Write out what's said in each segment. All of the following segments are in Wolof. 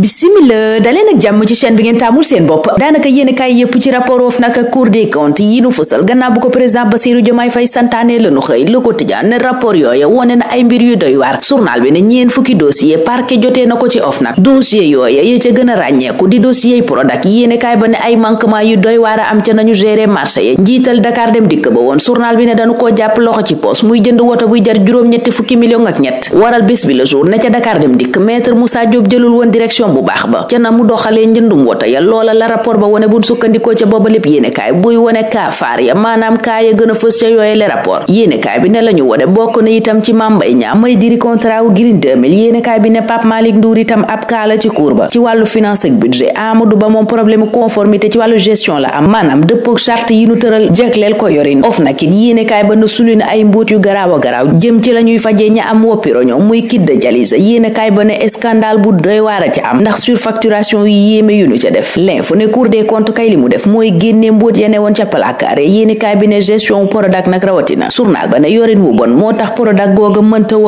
bisimila daleen ak jam ci chaîne bi ngeen tamul seen bop danaka yene kay yep ci rapport of naka cour des comptes yi nu fessel ganna bu ko président Bassirou Diomaye Faye le nu xey le quotidien ne rapport yooye woné na ay mbir yu doy war journal bi ne ñeen fukki dossier parquet joté nako ci of nak dossier yooye ye ya. ci gëna ragné ko di dossier product yene kay ba ne ay manquement yu doy waar am ci nañu gérer marché ye njital Dakar dem dik ba won journal bi ne dañu ko japp loxo ci poste muy jënd woto buy jar juroom ñetti fukki million ak ñet waral bis bi le jour ne ci Dakar dem dik maître Moussa Diop jëlul won direction solution bu baax ba ci na mu doxalee wota ya loola la rapport ba woné buñ sukkandikoo ci bobu lepp yene kay buy woné ka far ya manam ka ya gëna fess ci ca le rapport yene kay bi ne lañu woné bokku na itam ci mambay ñaa may diri contrat wu green 2000 yene kay bi ne pap malik ndour itam ab ka la ci cour ba ci walu finance ak budget amadou ba moom problème conformité ci walu gestion la am maanaam pok charte yi nu teural jegleel ko yorin of nakit yene kay ba na suli na ay mbot yu garaaw a jëm ci lañuy fajee ña am ñom muy kidda jalisa yene kay ba ne scandale bu doy wara ci am ndax surfacturation yi yéeme yu nu ca def l'info ne cour des comptes kay li mu def mooy génne mbóot ya woon ca placard yéeni cabinet gestion wu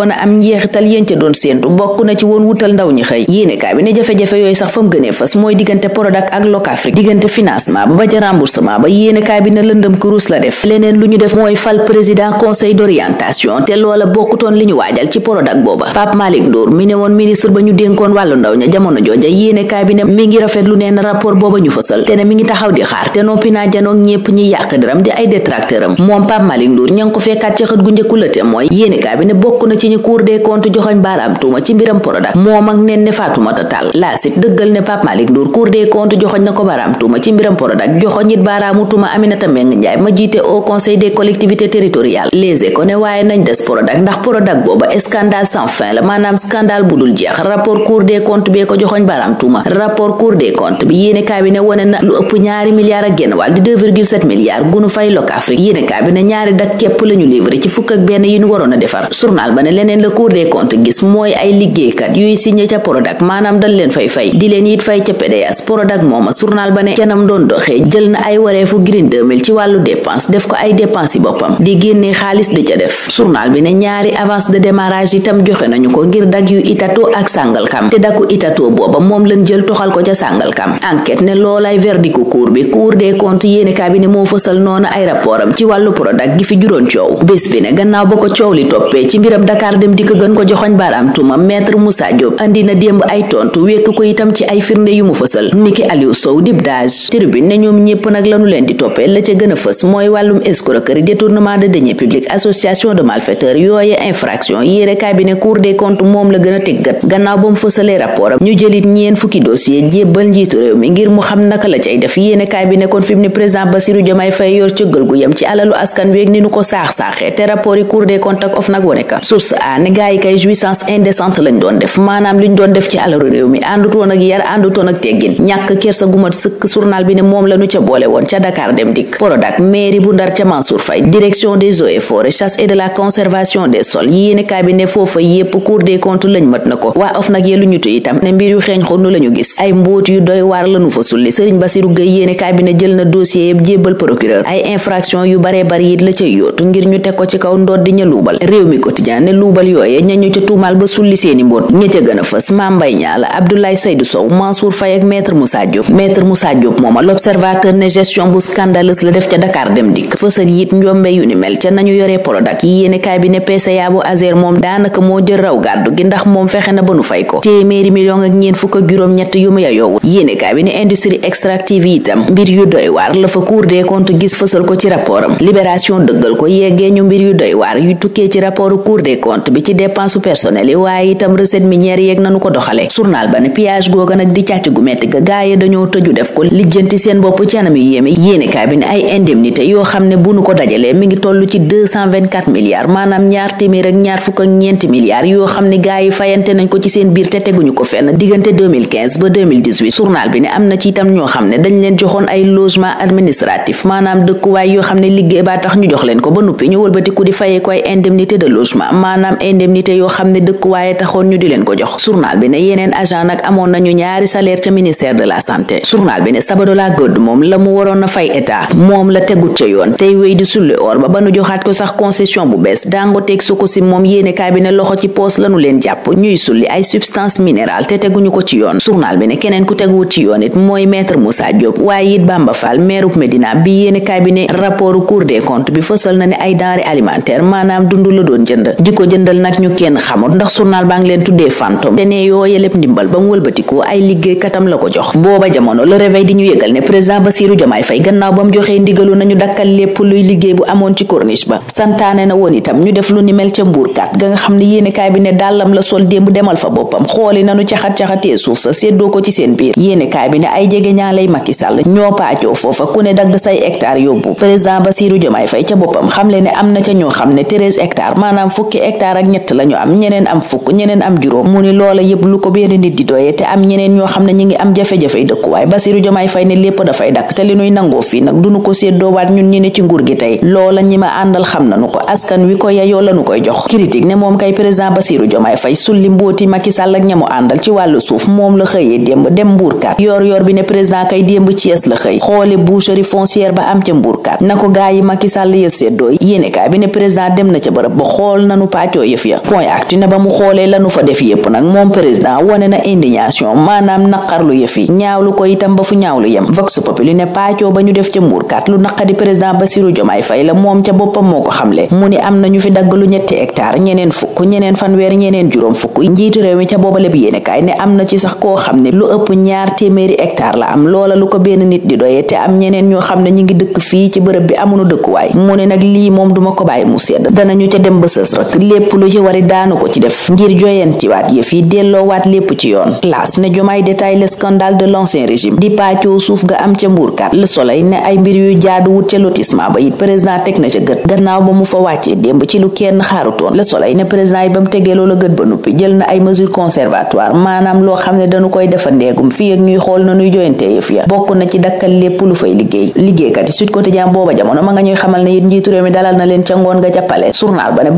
a am njeexital bokk na ci woon wutal ndaw ñi xëy yéeni cabinet jafe-jafe yooyu sax fa mu gënee fës mooy diggante Prodac ak Locafrique diggante financement ba ba ca remboursement ba yéeni cabinet lëndëm kurus la def leneen lu ñu def mooy fal président conseil d'orientation te loola bokkutoon li ñu waajal ci Prodac booba jamono jooja yéenekaay bi ne mi ngi rafetlu neen rapport booba ñu fësal te ne mi ngi taxaw di xaar te noppi naa janoog ñépp ñi yàq deram di ay détracteur am moom Pape Malick Ndour ña ko fekkaat ca xët gu njëkku la te mooy yéenekaay bi bokk na ci ñi Cour des joxoñ baaraam tuuma ci mbiram Prodac moom ak tuuma ci mbiram Prodac joxoñ ma jiite au conseil des collectivités territoriales léegi ko ne waaye nañ des Prodac ndax Prodac booba scandale joxoñ baaraam tuuma rapport cour des comptes bi yéene kaay bi ne wone na lu ëpp ñaari milliards ak genn wàll di 2,7 milliards gunu fay lokk Afrique yéene kaay bi ne ñaari dak képp la ñu ci fukk ak benn yi ñu waroon a defar journal ba ne leneen la cour des comptes gis mooy ay liggéeykat yuy signé ca Prodac maanaam dañ leen fay fay di leen it fay ca PDS Prodac mooma journal ba ne canam doon doxee jël na ay wareefu Green 2000 ci wàllu dépense def ko ay dépense yi boppam di génnee xaalis di ca def journal bi ne ñaari avance de démarrage itam joxe nañu ko ngir dak yu Itato ak Sàngalkam te daku booba moom lañ jël toxal ko ca sàngalkam enquête ne loolay verdiku cour bi cour des comptes yéene cabinet moo fësal noonu ay rapportam ci wàllu Prodac gi fi juróon coow bés bi ne gannaaw ba ko coow li toppee ci ay firnde yu mu fësal niki Aliou Sow dib dage tribune ne ñoom ñépp nag lanu leen di toppee la ca gën a fës mooy wàllum escroquerie détournement de deniers publics association de malfaiteurs yooye infraction yéene cabinet cour des comptes a jëlit ñeen fukki dossier jébbal njiitu réew mi ngir mu xam naka la cay def yéenekaay bi nekkoon fi mu ne président Bassirou Diomaye Faye yor cëggal gu yam ci alalu askan weeg ni nu ko saax-saaxee te rapport yi cour des comptes ak a doon def maanaam liñ doon def ci alalu réew mi bi ne moom la nu ca boole woon ca Dakar dem dikk Prodac mairie bu Ndar ca Mansour Faye direction des eaux et chasse et de la conservation des sols yéenekaay bi ne yépp cour des comptes lañ mat na ko waa OFNAC yee yu xeeñ xonnu la ñu gis ay mbóot yu doy waar lañu fa sulli sëriñ Basiru Gëy yéene kaay jël na dossier yëpp jébbal procureur ay infraction yu baree bari it la ngir ñu teg ko ci kaw di ña luubal réew mi quotidien ne luubal yooye ñañu ca tuumaal ba sulli seeni mbóot ña ca gën a fës Mame Mbaye Niang la Abdoulaye Seydou Sow Mansour Faye ak maître Moussa Diop maître Moussa Diop mooma l'observateur ne gestion bu scandaleuse la def ca Dakar dem dikk fësal it njombe yu ni mel ca nañu yoree Prodac yi yéene kaay bi ne PCA bu Azer moom daanaka moo jël raw gàddu gi ndax moom fexe na ba nu fay ko téeméeri million ak ñeen fukk ak juróom ñett yu mu yayoowul yéene kaay bi ne industrie extractive yi itam mbir yu doy waar la fa cour des gis fësal ko ci rapportam libération dëggal ko yeggee ñu mbir yu doy waar yu tukkee ci rapport cour des comptes bi ci dépense personnel yi waaye itam recette minière yeeg nanu ko doxale journal ba ne piage googa nag di càcc gu metti ga gaaye dañoo tëju def ko lijjanti seen bopp ci yu yéeme yéene kaay bi ne ay indemnité yoo mi ngi toll ci yoo xam diggante 2015 ba 2018 journal bi ne am na ci itam ñoo xam ne dañ leen joxoon ay logement administratif maanaam dëkkuwaay yoo xam ne liggéey baa tax ñu jox leen ko ba nuppi ñu wëlbatiku di fayee ko ay indemnité de logement maanaam indemnité yoo xam ne dëkkuwaaye taxoon ñu di leen ko jox journal bi ne yeneen agent nag amoon nañu ñaari salaire ca ministère de la santé journal bi ne Sabodala Gold moom la mu waroon a fay état moom la tegut ca yoon tey w di sulle or ba ba ko sax concession bu bees Dangote ak Sokosim moom yéene kaay bi ne loxo ci poos lanu leen jàpp ñuy sulli ay substance teguñu ko ci yoon journal bi ne keneen ku teguwut ci yoon it mooy maître Moussa Diop waaye it Bamba Fall meerub Medina bi yéene kaay na ne ay denrée ndax journal baa ngi leen tuddee fantôme te ne yoo yeleb ndimbal la jox booba jamono le réveil di ñu yëgal ne président Bassirou Diomaye Faye gannaaw ba mu joxee ndigalu nañu dakkal lépp luy liggéey bu amoon ci corniche ba santaane na woon itam ñu def lu ni mel ca mbuurkat ga nga xam ne yéene kaay bi ne dàllam la sol démb demal fa boppam xooli nañu caxat caxatee suuf sa séddoo ko ci seen biir ne xam ne am na maanaam fukki hectare ak ñett la ñu am ñeneen am fukk ñeneen am juróom mu ni loola yëpp lu ko benn nit di doyee te am ñeneen ñoo xam ne ñi ngi am jafe-jafey dëkkuwaay Bassirou Diomaye Faye ne lépp dafay dakk te li nangoo fii nag duñu ko séddoowaat ñun ñi ne ci nguur gi tey loola ñi ma àndal xam nanu ko askan wi ko yayoo lanu koy jox critique ne moom kay président Bassirou Diomaye Faye sulli mbooti Macky ak ñamu àndal ci wàllu wàllu suuf moom la xëyee démb dem mbuurkat yor yor bi ne président kay démb Thiès la xëy xoole boucherie foncière ba am ca mbuurkat na ko gaa yi Macky Sall ya seddoo yéenekaay bi ne président na ba xool nanu pàccoo na indignation maanaam naqarlu ba fu ñaawlu yem vox ba ñu def ca mbuurkat lu naqadi président Bassirou Diomaye Faye la moom ca boppam moo ko xamle mu ni am nañu fi dagg lu ñetti hectare ñeneen fukk ñeneen fanweer ñeneen juróom fukk njiitu réew mi ca boobale bi yéenekaay ne am na ci sax koo xam ne lu ëpp ñaar téeméeri ectare la am loola lu ko benn nit di doyee te am ñeneen ñoo xam ne ñu ngi dëkk fii ci bërëb bi amunu dëkkuwaay mu ne nag lii moom duma ko bàyyi mu sedd danañu ca dem ba sës rek lépp lu ci wari daanu ko ci def ngir joyentiwaat yëf yi fii delloowaat lépp ci yoon laas ne jomaay détaille le scandale de l'ancien régime di paccoo suuf ga am ca mbuurkat la soleil ne ay mbir yu jaaduwut ca lotissement ba it président teg na ca gët gannaaw ba mu fa wàccee démb ci lu kenn xaarutoon le soleil ne ba mu tegee loola gët ba nuppi jël na am loo xam ne dañu koy defandeegum fii ak ñuy xool nañuy joyante yëf ya bokk na ci dakkal lépp lu fay liggéey liggéeykat yi Sud Quotidien booba jamono ma nga ñuy xamal na leen ca ngoon nga jàppale journal ba ne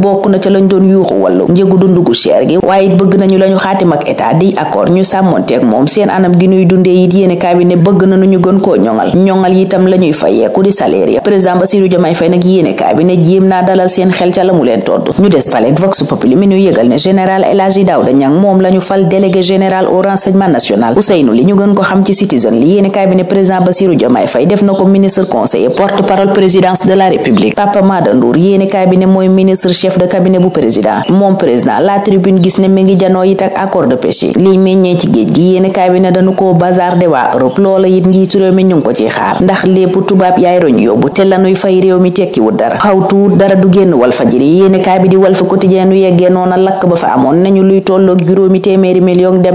moom seen anam gi ñuy dundee it yéene cabinet bëgg nañu ñu gën koo ñoŋal ñoŋal itam la ñuy fayeeku di salaire ya président Bassirou Diomaye Faye nag yéene cabinet jéem naa dalal seen xel ca la mu leen todd ñu des pale Vox Populi mi ñu yëgal ne général El Hadji Daouda Niang moom lañu fal délégué général au renseignement national Ousseynou kaay bi ne mooy ministre chef de cabinet bu président moom président la tribune gis ne mi janoo it ak accord de pêche yi meññee ci géej gi yéeni kaay bi ne dañu koo bazarde waa Europe loola it njiitu réew mi ñu ko ciy xaar ndax lépp tubaab yaay roñ yóbbu te lanuy fay réew mi tekkiwul dara xawtuwut dara du génn wal fajiri yéeni kaay bi di wal fa quotidien yu yeggee noona lakk ba fa amoon nañu luy tolloog juróomi téeméeri million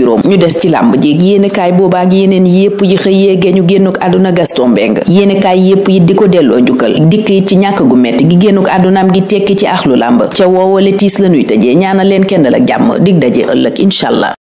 juróom ñu des ci làmb jig yéenekaay boobaa ak yeneen yépp yi xëyee ñu génnuk àdduna Gaston Mbengue yéenekaay yépp yi di ko delloo njukkal dikk it ci ñàkk gu metti gi génnuk àddunaam gi tekki ci axlu làmb ca woowale tiis lañuy tëjee ñaanal leen kenn la jàmm dig daje ëllëg incha allah